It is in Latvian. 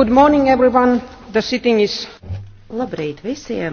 Good morning everyone, the sitting is. Labrīt visiem!